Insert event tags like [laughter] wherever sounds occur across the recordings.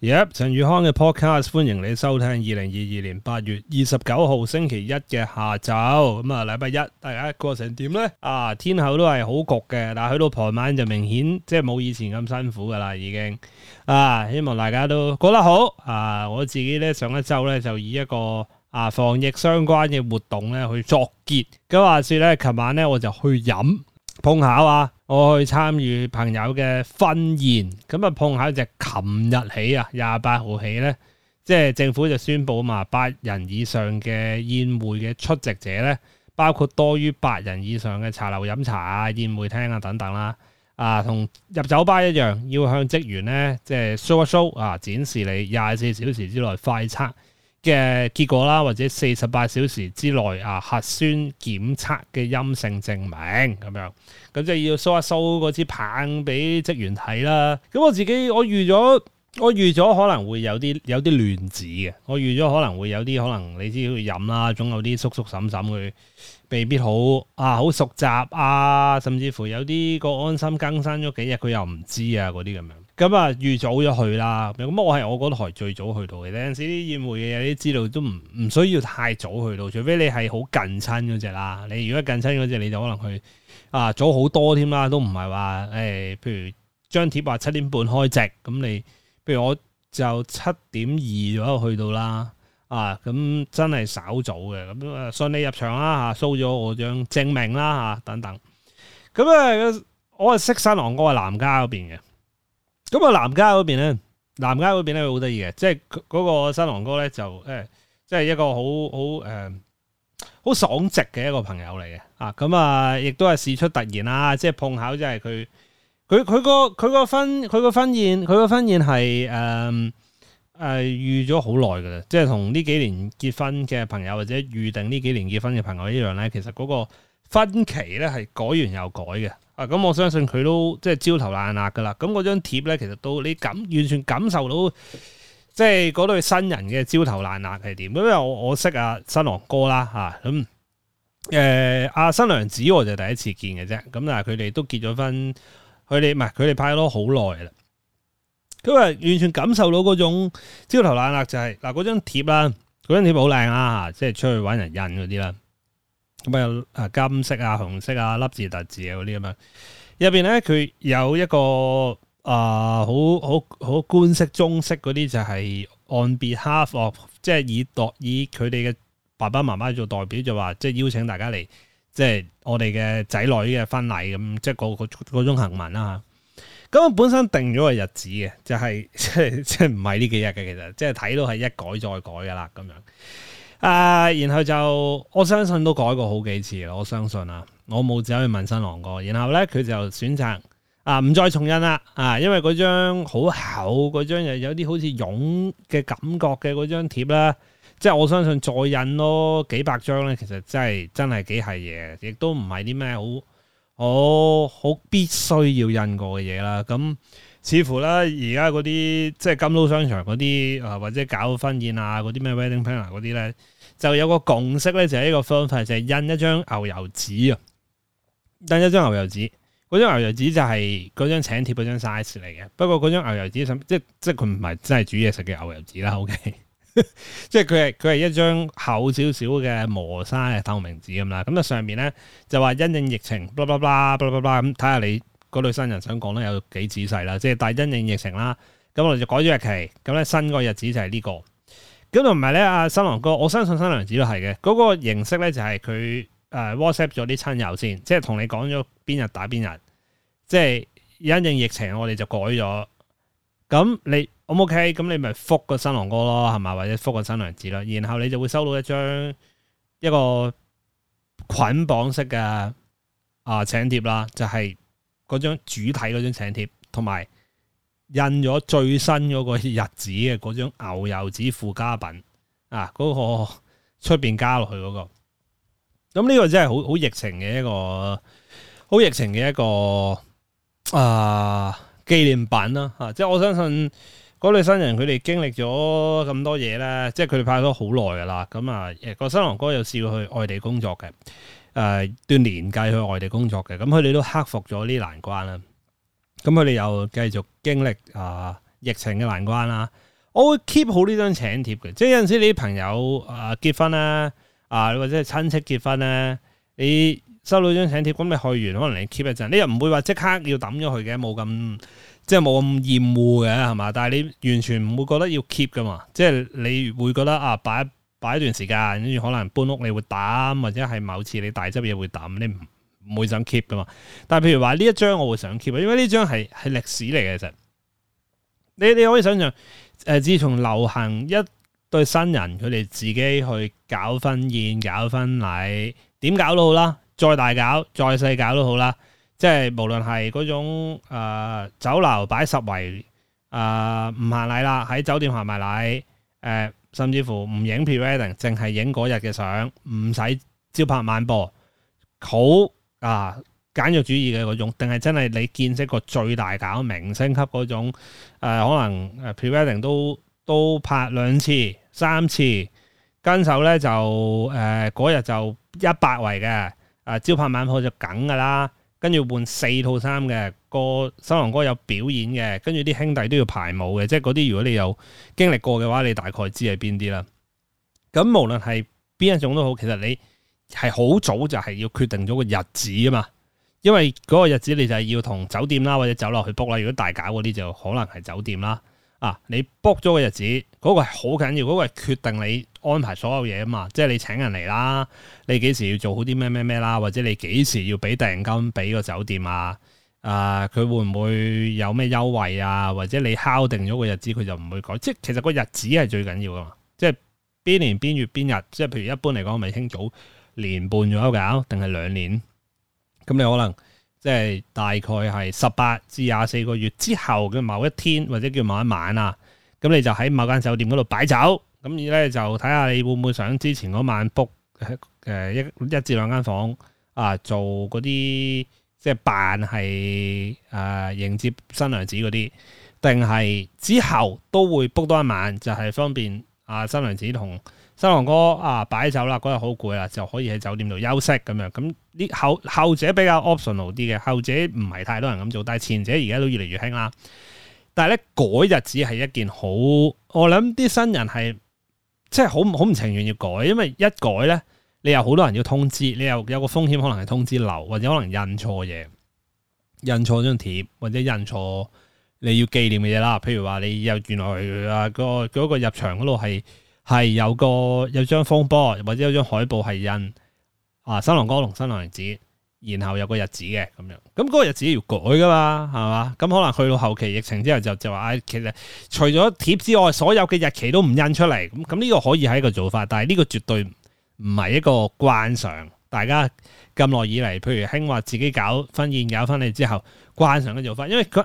耶！yep, 陳宇康嘅 podcast，歡迎你收聽二零二二年八月二十九號星期一嘅下晝，咁啊禮拜一大家過成點咧？啊，天候都係好焗嘅，但係去到傍晚就明顯即係冇以前咁辛苦㗎喇，已經啊，希望大家都過得好啊！我自己咧上一周咧就以一個啊防疫相關嘅活動咧去作結，咁話說咧，琴晚咧我就去飲。碰巧啊，我去參與朋友嘅婚宴，咁啊碰巧就琴日起啊廿八號起呢，即係政府就宣布啊嘛，八人以上嘅宴會嘅出席者呢，包括多於八人以上嘅茶樓飲茶啊、宴會廳啊等等啦，啊，啊同入酒吧一樣，要向職員呢，即係 show 一 show 啊，展示你廿四小時之內快測嘅結果啦，或者四十八小時之內啊核酸檢測嘅陰性證明咁樣，咁就要收一收嗰支棒俾職員睇啦。咁我自己我預咗，我預咗可能會有啲有啲亂子嘅，我預咗可能會有啲，可能你知佢飲啦，總有啲叔叔嬸嬸佢未必好啊，好熟習啊，甚至乎有啲個安心更新咗幾日佢又唔知啊嗰啲咁樣。咁啊、嗯，預早咗去啦。咁、嗯、我係我嗰台最早去到嘅。有陣時啲宴會嘅有啲資料都唔唔需要太早去到，除非你係好近親嗰隻啦。你如果近親嗰隻，你就可能去啊早好多添啦，都唔係話誒。譬如張帖話七點半開席，咁你譬如我就七點二嗰個去到、啊嗯嗯、啦。啊，咁真係稍早嘅。咁啊，順利入場啦嚇，show 咗我張證明啦嚇、啊、等等。咁、嗯、啊、嗯，我係識新郎哥，係男家嗰邊嘅。咁啊南街嗰邊咧，南街嗰邊咧好得意嘅，即係嗰個新郎哥咧就誒，即係一個好好誒，好、呃、爽直嘅一個朋友嚟嘅啊！咁啊，亦都係事出突然啦，即係碰巧即係佢佢佢個佢個婚佢個婚宴佢個婚宴係誒誒預咗好耐噶啦，即係同呢幾年結婚嘅朋友或者預定呢幾年結婚嘅朋友一樣咧，其實嗰個婚期咧係改完又改嘅。啊，咁我相信佢都即係焦頭爛額噶啦。咁嗰張帖咧，其實都你感完全感受到，即係嗰對新人嘅焦頭爛額係點？因為我我識阿新郎哥啦，吓、啊、咁。誒、啊，阿新娘子，我就第一次見嘅啫。咁但係佢哋都結咗婚，佢哋唔係佢哋拍咗好耐啦。咁、嗯、啊，完全感受到嗰種焦頭爛額就係、是、嗱，嗰張帖啦，嗰張帖好靚啊，即係出去搵人印嗰啲啦。咁啊，金色啊，紅色啊，粒字，字、凸字嗰啲咁樣。入邊咧，佢有一個啊，好好好官式、中式嗰啲，就係、是、on behalf of，即係以代以佢哋嘅爸爸媽媽做代表，就話即係邀請大家嚟、就是，即係我哋嘅仔女嘅婚禮咁，即係嗰嗰種行文啦吓。咁啊，本身定咗個日子嘅，就係即係即係唔係呢幾日嘅，其實即係睇到係一改再改噶啦，咁樣。誒、啊，然後就我相信都改過好幾次咯。我相信啊，我冇走去問新郎哥。然後咧，佢就選擇啊唔再重印啦。啊，因為嗰張好厚，嗰張又有啲好似絨嘅感覺嘅嗰張帖啦。即係我相信再印咯，幾百張咧，其實真係真係幾係嘢，亦都唔係啲咩好，我好必須要印過嘅嘢啦。咁。似乎啦，而家嗰啲即係金都商場嗰啲啊，或者搞婚宴啊，嗰啲咩 wedding planner 嗰啲咧，就有個共識咧，就係、是、一個方法，就係印一張牛油紙啊，印一張牛油紙，嗰張，嗰張牛油紙就係嗰張請帖嗰張 size 嚟嘅。不過嗰張牛油紙上，即即佢唔係真係煮嘢食嘅牛油紙啦。OK， [laughs] 即係佢係佢係一張厚少少嘅磨砂嘅透明紙咁啦。咁啊上面咧就話因應疫情，blah blah blah，blah blah blah，咁睇下你。嗰對新人想講咧有幾仔細啦，即係大係因應疫情啦，咁我哋就改咗日期，咁咧新個日子就係呢個。咁同埋咧，阿新郎哥，我相信新娘子都係嘅。嗰個形式咧就係佢誒 WhatsApp 咗啲親友先，即係同你講咗邊日打邊日，即係因應疫情我哋就改咗。咁你 O 唔 OK？咁你咪覆個新郎哥咯，係咪？或者覆個新娘子啦，然後你就會收到一張一個捆綁式嘅啊請帖啦，就係。嗰張主體嗰張請帖，同埋印咗最新嗰個日子嘅嗰張牛油紙附加品。啊，嗰、嗰個出邊加落去嗰、嗰個，咁呢個真係好好疫情嘅一個，好疫情嘅一個啊紀念品啦、啊，啊，即係我相信嗰對新人佢哋經歷咗咁多嘢咧，即係佢哋拍咗好耐噶啦，咁啊，個新郎哥又試過去外地工作嘅。誒、呃、段年紀去外地工作嘅，咁佢哋都克服咗呢難關啦。咁佢哋又繼續經歷啊、呃、疫情嘅難關啦。我會 keep 好呢張請帖嘅，即係有陣時你啲朋友啊、呃、結婚啦、啊，啊、呃、或者係親戚結婚咧、啊，你收到張請帖，咁你去完可能你 keep 一陣，你又唔會話即刻要抌咗佢嘅，冇咁即係冇咁厭惡嘅係嘛？但係你完全唔會覺得要 keep 噶嘛，即係你會覺得啊擺。擺一段時間，跟住可能搬屋你會抌，或者係某次你大執嘢會抌，你唔唔會想 keep 噶嘛？但係譬如話呢一張我會想 keep，因為呢張係係歷史嚟嘅。其實你你可以想象，誒、呃、自從流行一對新人佢哋自己去搞婚宴、搞婚禮，點搞都好啦，再大搞、再細搞都好啦，即係無論係嗰種誒、呃、酒樓擺十圍誒唔行禮啦，喺酒店行埋禮誒。呃甚至乎唔影 pre-wedding，e 淨係影嗰日嘅相，唔使朝拍晚播，好啊，簡約主義嘅嗰種，定係真係你見識過最大搞明星級嗰種、呃，可能誒 pre-wedding 都都拍兩次、三次，跟手咧就誒嗰日就一百圍嘅，誒、啊、朝拍晚播就梗噶啦。跟住換四套衫嘅，個新郎哥有表演嘅，跟住啲兄弟都要排舞嘅，即係嗰啲如果你有經歷過嘅話，你大概知係邊啲啦。咁無論係邊一種都好，其實你係好早就係要決定咗個日子啊嘛，因為嗰個日子你就係要同酒店啦或者酒樓去 book 啦，如果大搞嗰啲就可能係酒店啦。啊！你 book 咗個日子，嗰個係好緊要，嗰個係決定你安排所有嘢啊嘛。即係你請人嚟啦，你幾時要做好啲咩咩咩啦，或者你幾時要俾定金俾個酒店啊？誒，佢會唔會有咩優惠啊？或者你敲定咗個日子，佢就唔會改。即係其實個日子係最緊要噶嘛，即係邊年邊月邊日。即係譬如一般嚟講，咪清早年半左右㗎，啊，定係兩年咁，你可能。即係大概係十八至廿四個月之後嘅某一天，或者叫某一晚啊，咁你就喺某間酒店嗰度擺酒，咁咧就睇下你會唔會想之前嗰晚 book 誒一一至兩間房啊，做嗰啲即係扮係誒迎接新娘子嗰啲，定係之後都會 book 多一晚，就係方便啊新娘子同。新郎哥啊，擺酒啦，嗰日好攰啦，就可以喺酒店度休息咁樣。咁呢後後者比較 optional 啲嘅，後者唔係太多人咁做，但係前者而家都越嚟越興啦。但係咧改日子係一件好，我諗啲新人係即係好好唔情願要改，因為一改咧，你又好多人要通知，你又有，有個風險，可能係通知漏，或者可能印錯嘢，印錯張帖或者印錯你要紀念嘅嘢啦。譬如話你又原來、嗰個嗰、嗰個入場嗰度係。係有個有張風波或者有張海報係印啊新郎哥同新娘子，然後有個日子嘅咁樣，咁嗰個日子要改㗎嘛，係嘛？咁可能去到後期疫情之後就就話，啊，其實除咗帖之外，所有嘅日期都唔印出嚟。咁咁呢個可以係一個做法，但係呢個絕對唔係一個慣常。大家咁耐以嚟，譬如興話自己搞婚宴、搞婚禮之後，慣常嘅做法，因為佢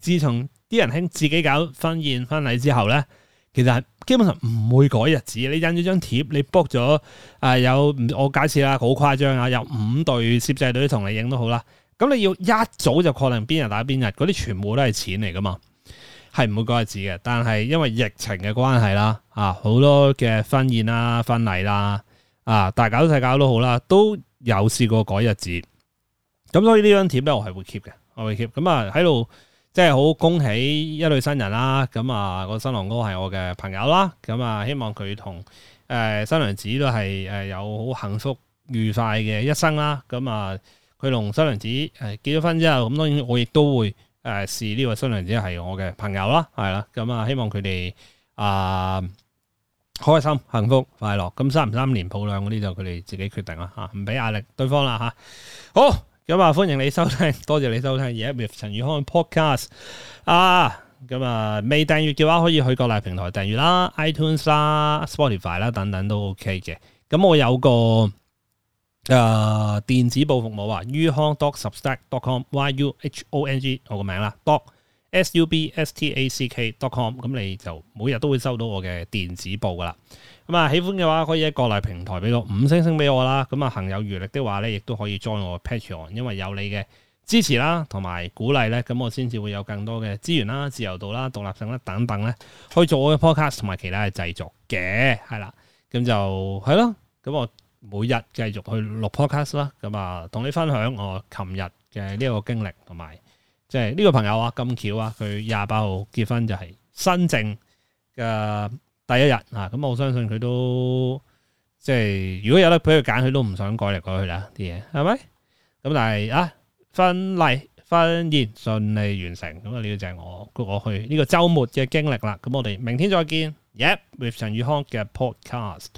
自從啲人興自己搞婚宴、婚禮之後呢。其實係基本上唔會改日子。你印咗張帖，你 book 咗啊有我假設啦，好誇張啊，有五隊攝製隊同你影都好啦。咁你要一早就確定邊日打邊日，嗰啲全部都係錢嚟㗎嘛，係唔會改日子嘅。但係因為疫情嘅關係啦，啊好多嘅婚宴啦、啊、婚禮啦、啊，啊大搞細搞都好啦，都有試過改日子。咁所以呢張帖咧，我係會 keep 嘅，我會 keep。咁啊喺度。即係好恭喜一對新人啦，咁啊、嗰個新郎哥係我嘅朋友啦，咁啊希望佢同誒新娘子都係誒、呃、有好幸福愉快嘅一生啦，咁啊佢同新娘子誒、呃、結咗婚之後，咁當然我亦都會誒、呃、視呢位新娘子係我嘅朋友啦，係啦，咁啊希望佢哋啊開心、幸福、快樂，咁三唔三年抱兩嗰啲就佢哋自己決定啦，吓唔俾壓力對方啦，吓、啊、好。咁啊，歡迎你收聽，多謝你收聽 Yeah with 陳宇康 podcast。啊，咁啊，未訂閱嘅話可以去各大平台訂閱啦，iTunes 啦、Spotify 啦等等都 OK 嘅。咁我有個誒電子報服務啊，于康 doc substack.com u y u h o n g 我個名啦，doc s u b s t a c k dot com，咁你就每日都會收到我嘅電子報噶啦。咁啊、嗯，喜歡嘅話可以喺國內平台俾個五星星俾我啦。咁、嗯、啊，行有餘力的話咧，亦都可以 join 我 Patreon，因為有你嘅支持啦，同埋鼓勵咧，咁我先至會有更多嘅資源啦、自由度啦、獨立性啦等等咧，去做我嘅 podcast 同埋其他嘅製作嘅，係啦。咁就係咯。咁我每日繼續去錄 podcast 啦。咁、嗯、啊，同你分享我琴日嘅呢個經歷，同埋即係呢個朋友啊，咁巧啊，佢廿八號結婚就係新鄭嘅。第一日啊，咁我相信佢都即係如果有得俾佢揀，佢都唔想改嚟改去啦，啲嘢，係咪？咁但係啊，婚禮婚宴順利完成，咁啊呢個就係我個我去呢個周末嘅經歷啦。咁我哋明天再見，Yep, with 陳宇康嘅 Podcast。